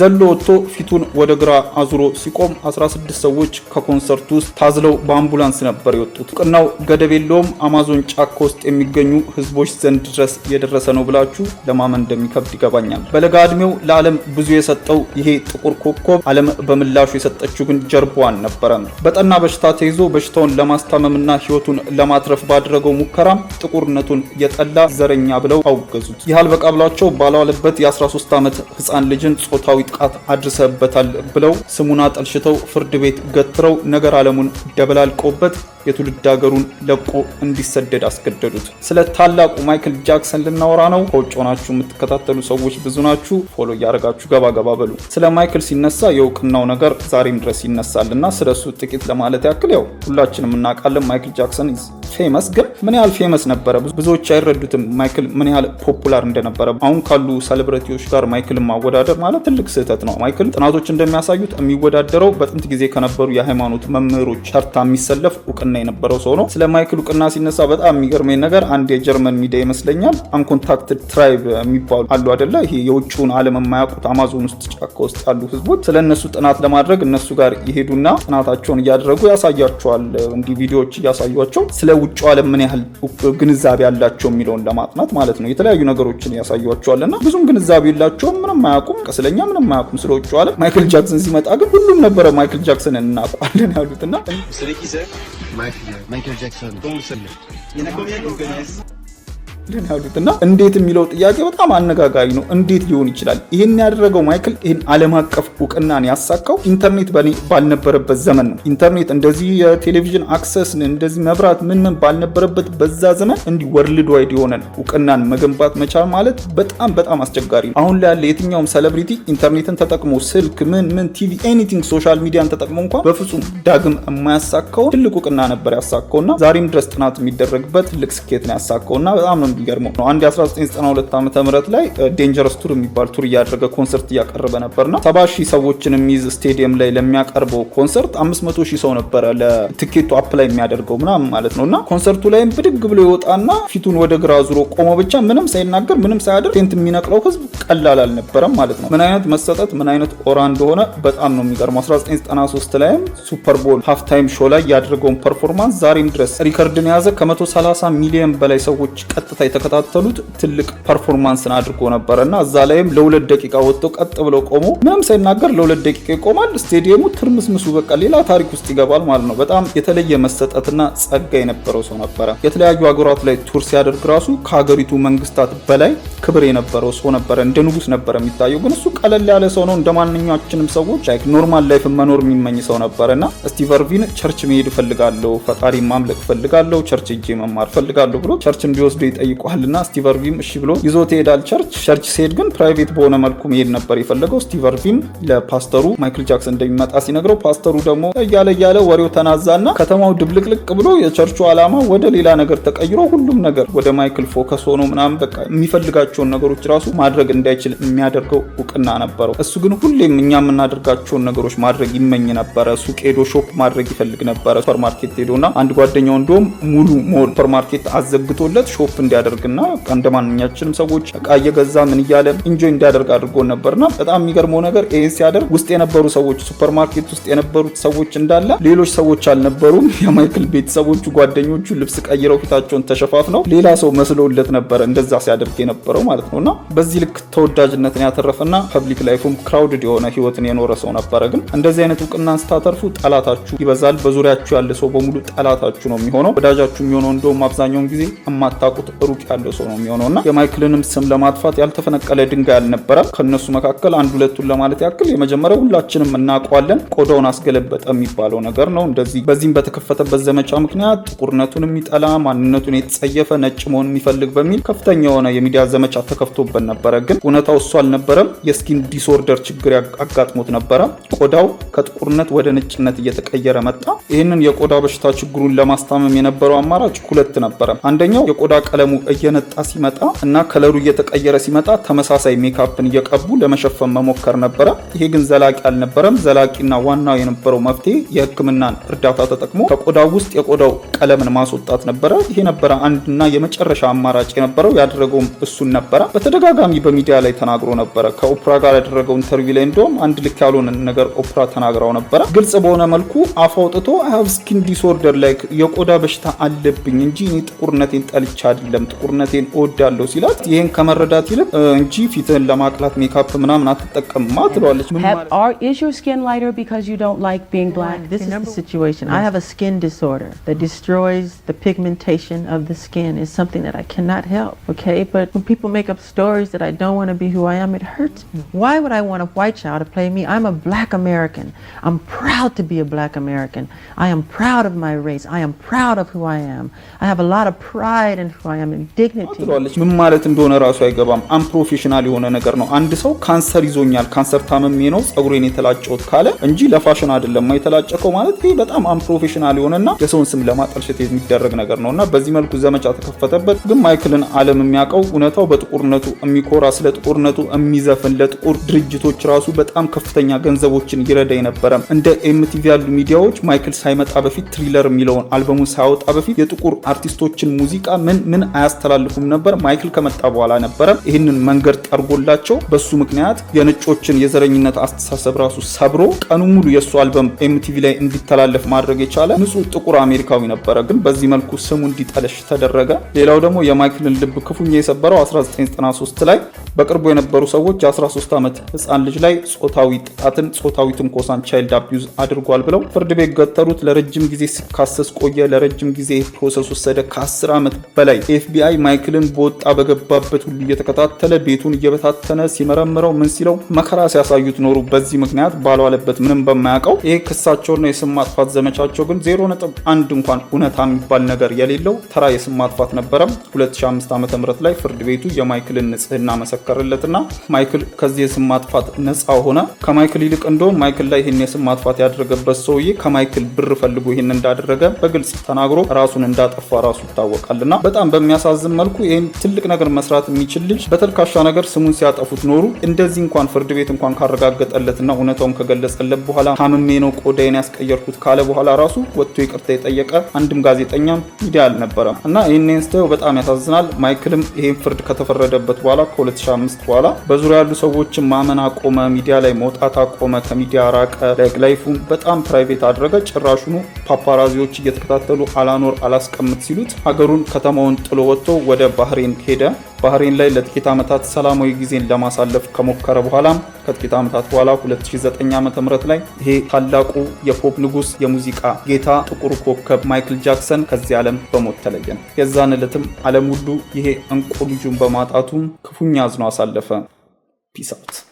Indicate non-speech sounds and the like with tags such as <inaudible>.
ዘሎ ወጥቶ ፊቱን ወደ ግራ አዙሮ ሲቆም 16 ሰዎች ከኮንሰርቱ ውስጥ ታዝለው በአምቡላንስ ነበር የወጡት። እውቅናው ገደብ የለውም። አማዞን ጫካ ውስጥ የሚገኙ ህዝቦች ዘንድ ድረስ የደረሰ ነው ብላችሁ ለማመን እንደሚከብድ ይገባኛል። በለጋ ዕድሜው ለዓለም ብዙ የሰጠው ይሄ ጥቁር ኮከብ ዓለም በምላሹ የሰጠችው ግን ጀርባዋን አልነበረም። በጠና በሽታ ተይዞ በሽታውን ለማስታመምና ህይወቱን ለማትረፍ ባደረገው ሙከራም ጥቁርነቱን የጠላ ዘረኛ ብለው አውገዙት። ይህ አልበቃ ብሏቸው ባለዋለበት የ13 ዓመት ህፃን ልጅን ጾታ ጾታዊ ጥቃት አድርሰበታል ብለው ስሙን አጠልሽተው ፍርድ ቤት ገትረው ነገር አለሙን ደበላልቆበት የትውልድ ሀገሩን ለቆ እንዲሰደድ አስገደዱት። ስለ ታላቁ ማይክል ጃክሰን ልናወራ ነው። ከውጭ ሆናችሁ የምትከታተሉ ሰዎች ብዙ ናችሁ። ፎሎ እያደረጋችሁ ገባ ገባ በሉ። ስለ ማይክል ሲነሳ የእውቅናው ነገር ዛሬም ድረስ ይነሳልና ስለሱ ጥቂት ለማለት ያክል ያው ሁላችንም እናውቃለን ማይክል ጃክሰን ፌመስ ግን ምን ያህል ፌመስ ነበረ ብዙዎች አይረዱትም። ማይክል ምን ያህል ፖፑላር እንደነበረ አሁን ካሉ ሰለብሬቲዎች ጋር ማይክል ማወዳደር ማለት ትልቅ ስህተት ነው። ማይክል ጥናቶች እንደሚያሳዩት የሚወዳደረው በጥንት ጊዜ ከነበሩ የሃይማኖት መምህሮች ተርታ የሚሰለፍ እውቅና የነበረው ሰው ነው። ስለ ማይክል እውቅና ሲነሳ በጣም የሚገርመኝ ነገር አንድ የጀርመን ሚዲያ ይመስለኛል አንኮንታክትድ ትራይብ የሚባሉ አሉ አደለ? ይሄ የውጭውን አለም የማያውቁት አማዞን ውስጥ ጫካ ውስጥ ያሉ ህዝቦች ስለ እነሱ ጥናት ለማድረግ እነሱ ጋር ይሄዱና ጥናታቸውን እያደረጉ ያሳያቸዋል። እንዲህ ቪዲዮዎች እያሳዩቸው ስለ ውጭ ዓለም ምን ያህል ግንዛቤ አላቸው የሚለውን ለማጥናት ማለት ነው። የተለያዩ ነገሮችን ያሳዩቸዋል እና ብዙም ግንዛቤ የላቸውም፣ ምንም አያውቁም፣ ስለኛ ምንም አያውቁም ስለ ውጭ ዓለም። ማይክል ጃክሰን ሲመጣ ግን ሁሉም ነበረ ማይክል ጃክሰን እናውቀዋለን ያሉት እና ያሉት እና እንዴት የሚለው ጥያቄ በጣም አነጋጋሪ ነው። እንዴት ሊሆን ይችላል? ይህን ያደረገው ማይክል ይህን ዓለም አቀፍ እውቅናን ያሳካው ኢንተርኔት ባልነበረበት ዘመን ነው። ኢንተርኔት እንደዚህ የቴሌቪዥን አክሰስ እንደዚህ መብራት ምን ምን ባልነበረበት በዛ ዘመን እንዲህ ወርልድ ዋይድ የሆነ እውቅናን መገንባት መቻል ማለት በጣም በጣም አስቸጋሪ ነው። አሁን ላይ ያለ የትኛውም ሰለብሪቲ ኢንተርኔትን ተጠቅሞ ስልክ፣ ምን ምን፣ ቲቪ፣ ኤኒቲንግ ሶሻል ሚዲያን ተጠቅሞ እንኳን በፍጹም ዳግም የማያሳካውን ትልቅ እውቅና ነበር ያሳካውና ዛሬም ድረስ ጥናት የሚደረግበት ትልቅ ስኬት ነው ያሳካውና በጣም ነው የሚገርመው ነው። አንድ 1992 ዓ ም ላይ ዴንጀረስ ቱር የሚባል ቱር እያደረገ ኮንሰርት እያቀረበ ና ሰባ ሺህ ሰዎችን የሚይዝ ስቴዲየም ላይ ለሚያቀርበው ኮንሰርት 500 ሺህ ሰው ነበረ ለትኬቱ አፕ ላይ የሚያደርገው ምናምን ማለት ነው። እና ኮንሰርቱ ላይም ብድግ ብሎ ይወጣና ፊቱን ወደ ግራ ዙሮ ቆሞ ብቻ ምንም ሳይናገር ምንም ሳያደርግ ቴንት የሚነቅለው ህዝብ ቀላል አልነበረም ማለት ነው። ምን አይነት መሰጠት ምን አይነት ኦራ እንደሆነ በጣም ነው የሚገርመው። 1993 ላይም ሱፐርቦል ታይም ሾ ላይ ያደረገውን ፐርፎርማንስ ዛሬም ድረስ ሪከርድን የያዘ ከ130 ሚሊዮን በላይ ሰዎች ቀጥታ የተከታተሉት ትልቅ ፐርፎርማንስን አድርጎ ነበረ እና እዛ ላይም ለሁለት ደቂቃ ወጥቶ ቀጥ ብሎ ቆሞ ምንም ሳይናገር ለሁለት ደቂቃ ይቆማል። ስቴዲየሙ ትርምስምሱ በቃ ሌላ ታሪክ ውስጥ ይገባል ማለት ነው። በጣም የተለየ መሰጠትና ጸጋ የነበረው ሰው ነበረ። የተለያዩ ሀገራት ላይ ቱር ሲያደርግ ራሱ ከሀገሪቱ መንግስታት በላይ ክብር የነበረው ሰው ነበረ። እንደ ንጉስ ነበረ የሚታየው። ግን እሱ ቀለል ያለ ሰው ነው። እንደ ማንኛችንም ሰዎች ላይክ ኖርማል ላይፍ መኖር የሚመኝ ሰው ነበረ እና ስቲቭ ቸርች መሄድ እፈልጋለሁ፣ ፈጣሪ ማምለክ እፈልጋለሁ፣ ቸርች እጄ መማር እፈልጋለሁ ብሎ ቸርች እንዲወስዶ ይጠይቋልና ስቲቭ አርቪም እሺ ብሎ ይዞት ይሄዳል። ቸርች ቸርች ሲሄድ ግን ፕራይቬት በሆነ መልኩ መሄድ ነበር የፈለገው። ስቲቭ አርቪም ለፓስተሩ ማይክል ጃክሰን እንደሚመጣ ሲነግረው ፓስተሩ ደግሞ እያለ እያለ ወሬው ተናዛና ከተማው ድብልቅልቅ ብሎ የቸርቹ ዓላማ ወደ ሌላ ነገር ተቀይሮ ሁሉም ነገር ወደ ማይክል ፎከስ ሆኖ ምናምን በቃ የሚፈልጋቸውን ነገሮች ራሱ ማድረግ እንዳይችል የሚያደርገው እውቅና ነበረው። እሱ ግን ሁሌም እኛ የምናደርጋቸውን ነገሮች ማድረግ ይመኝ ነበረ። ሱቅ ሄዶ ሾፕ ማድረግ ይፈልግ ነበረ። ሱፐርማርኬት ሄዶና አንድ ጓደኛው እንዲሁም ሙሉ ሞል ሱፐርማርኬት አዘግቶለት ሾፕ እንዲያ እንዲያደርግና እንደ ማንኛችንም ሰዎች እቃ እየገዛ ምን እያለ ኢንጆይ እንዲያደርግ አድርጎን ነበርና በጣም የሚገርመው ነገር ይህን ሲያደርግ ውስጥ የነበሩ ሰዎች ሱፐርማርኬት ውስጥ የነበሩት ሰዎች እንዳለ ሌሎች ሰዎች አልነበሩም። <laughs> የማይክል ቤተሰቦቹ ጓደኞቹ ልብስ ቀይረው ፊታቸውን ተሸፋፍነው ሌላ ሰው መስሎለት ነበረ እንደዛ ሲያደርግ የነበረው ማለት ነው እና በዚህ ልክ ተወዳጅነትን ያተረፈና ፐብሊክ ላይፉም ክራውድድ የሆነ ህይወትን የኖረ ሰው ነበረ። ግን እንደዚህ አይነት እውቅናን ስታተርፉ ጠላታችሁ ይበዛል። በዙሪያችሁ ያለ ሰው በሙሉ ጠላታችሁ ነው የሚሆነው። ወዳጃችሁ የሚሆነው እንደውም አብዛኛውን ጊዜ የማታውቁት ሩቅ ያለ ሰው ነው የሚሆነው እና የማይክልንም ስም ለማጥፋት ያልተፈነቀለ ድንጋይ አልነበረም። ከእነሱ መካከል አንድ ሁለቱን ለማለት ያክል የመጀመሪያው ሁላችንም እናውቀዋለን ቆዳውን አስገለበጠ የሚባለው ነገር ነው። እንደዚህ በዚህም በተከፈተበት ዘመቻ ምክንያት ጥቁርነቱን የሚጠላ ማንነቱን የተጸየፈ ነጭ መሆን የሚፈልግ በሚል ከፍተኛ የሆነ የሚዲያ ዘመቻ ተከፍቶበት ነበረ። ግን እውነታው እሱ አልነበረም። የስኪን ዲስኦርደር ችግር አጋጥሞት ነበረ። ቆዳው ከጥቁርነት ወደ ነጭነት እየተቀየረ መጣ። ይህንን የቆዳ በሽታ ችግሩን ለማስታመም የነበረው አማራጭ ሁለት ነበረ። አንደኛው የቆዳ ቀለሙ እየነጣ ሲመጣ እና ከለሩ እየተቀየረ ሲመጣ ተመሳሳይ ሜካፕን እየቀቡ ለመሸፈን መሞከር ነበረ። ይሄ ግን ዘላቂ አልነበረም። ዘላቂና ዋናው የነበረው መፍትሄ የህክምናን እርዳታ ተጠቅሞ ከቆዳው ውስጥ የቆዳው ቀለምን ማስወጣት ነበረ። ይሄ ነበረ አንድና የመጨረሻ አማራጭ የነበረው። ያደረገውም እሱን ነበረ። በተደጋጋሚ በሚዲያ ላይ ተናግሮ ነበረ። ከኦፕራ ጋር ያደረገው ኢንተርቪው ላይ እንደውም አንድ ልክ ያልሆነ ነገር ኦፕራ ተናግረው ነበረ። ግልጽ በሆነ መልኩ አፍ አውጥቶ ሀብ ስኪን ዲስኦርደር ላይ የቆዳ በሽታ አለብኝ እንጂ እኔ ጥቁርነቴን ጠልቻ አይደለም አይደለም ጥቁርነቴን እወዳለሁ ሲላት ይህን ከመረዳት ይልቅ እንጂ ፊትህን ለማቅላት ሜካፕ ምናምን አትጠቀምማ ትለዋለች። I am proud of my race. I am proud of who I am. I have a lot of pride in who I am. ምን ማለት እንደሆነ ራሱ አይገባም። አንፕሮፌሽናል የሆነ ነገር ነው። አንድ ሰው ካንሰር ይዞኛል፣ ካንሰር ታመሜ ነው ጸጉሬን የተላጨሁት ካለ እንጂ ለፋሽን አይደለም የተላጨከው ማለት ይሄ በጣም አንፕሮፌሽናል የሆነና የሰውን ስም ለማጠልሸት የሚደረግ ነገር ነው እና በዚህ መልኩ ዘመቻ ተከፈተበት። ግን ማይክልን አለም የሚያውቀው እውነታው በጥቁርነቱ የሚኮራ ስለ ጥቁርነቱ የሚዘፍን ለጥቁር ድርጅቶች ራሱ በጣም ከፍተኛ ገንዘቦችን ይረዳ የነበረ እንደ ኤምቲቪ ያሉ ሚዲያዎች ማይክል ሳይመጣ በፊት ትሪለር የሚለውን አልበሙን ሳያወጣ በፊት የጥቁር አርቲስቶችን ሙዚቃ ምን ምን አያስተላልፉም ነበር። ማይክል ከመጣ በኋላ ነበረ ይህንን መንገድ ጠርጎላቸው በሱ ምክንያት የነጮችን የዘረኝነት አስተሳሰብ ራሱ ሰብሮ ቀኑ ሙሉ የእሱ አልበም ኤምቲቪ ላይ እንዲተላለፍ ማድረግ የቻለ ንጹህ ጥቁር አሜሪካዊ ነበረ። ግን በዚህ መልኩ ስሙ እንዲጠለሽ ተደረገ። ሌላው ደግሞ የማይክልን ልብ ክፉኛ የሰበረው 1993 ላይ በቅርቡ የነበሩ ሰዎች የ13 ዓመት ህፃን ልጅ ላይ ጾታዊ ጥቃትን፣ ጾታዊ ትንኮሳን ቻይልድ አቢዩዝ አድርጓል ብለው ፍርድ ቤት ገተሩት። ለረጅም ጊዜ ሲካሰስ ቆየ። ለረጅም ጊዜ ፕሮሰስ ወሰደ። ከ10 ዓመት በላይ ኤፍቢአይ ማይክልን በወጣ በገባበት ሁሉ እየተከታተለ ቤቱን እየበታተነ ሲመረምረው ምን ሲለው መከራ ሲያሳዩት ኖሩ። በዚህ ምክንያት ባለዋለበት ምንም በማያውቀው ይህ ክሳቸውና የስም ማጥፋት ዘመቻቸው ግን ዜሮ ነጥብ አንድ እንኳን እውነታ የሚባል ነገር የሌለው ተራ የስም ማጥፋት ነበረም። 2005 ዓ ም ላይ ፍርድ ቤቱ የማይክልን ንጽህና መሰከረለትና ማይክል ከዚህ የስም ማጥፋት ነፃ ሆነ። ከማይክል ይልቅ እንደውም ማይክል ላይ ይህን የስም ማጥፋት ያደረገበት ሰውዬ ከማይክል ብር ፈልጎ ይህን እንዳደረገ በግልጽ ተናግሮ ራሱን እንዳጠፋ ራሱ ይታወቃልና በጣም በሚያስ በሚያሳዝን መልኩ ይህን ትልቅ ነገር መስራት የሚችል ልጅ በተልካሻ ነገር ስሙን ሲያጠፉት ኖሩ እንደዚህ እንኳን ፍርድ ቤት እንኳን ካረጋገጠለትና እውነታውን ከገለጸለት በኋላ ታምሜ ነው ቆዳዬን ያስቀየርኩት ካለ በኋላ ራሱ ወጥቶ ይቅርታ የጠየቀ አንድም ጋዜጠኛም ሚዲያ አልነበረም እና ይህን ስታየው በጣም ያሳዝናል። ማይክልም ይህን ፍርድ ከተፈረደበት በኋላ ከ2005 በኋላ በዙሪያ ያሉ ሰዎችን ማመን አቆመ፣ ሚዲያ ላይ መውጣት አቆመ፣ ከሚዲያ ራቀ፣ ላይፉን በጣም ፕራይቬት አድረገ። ጭራሹኑ ፓፓራዚዎች እየተከታተሉ አላኖር አላስቀምጥ ሲሉት ሀገሩን ከተማውን ጥሎ ወጥቶ ወደ ባህሬን ሄደ። ባህሬን ላይ ለጥቂት ዓመታት ሰላማዊ ጊዜን ለማሳለፍ ከሞከረ በኋላ ከጥቂት ዓመታት በኋላ 2009 ም ላይ ይሄ ታላቁ የፖፕ ንጉስ የሙዚቃ ጌታ ጥቁር ኮከብ ማይክል ጃክሰን ከዚህ ዓለም በሞት ተለየን። የዛን ዕለትም ዓለም ሁሉ ይሄ እንቁ ልጁን በማጣቱ ክፉኛ አዝኖ አሳለፈ። ፒስ አውት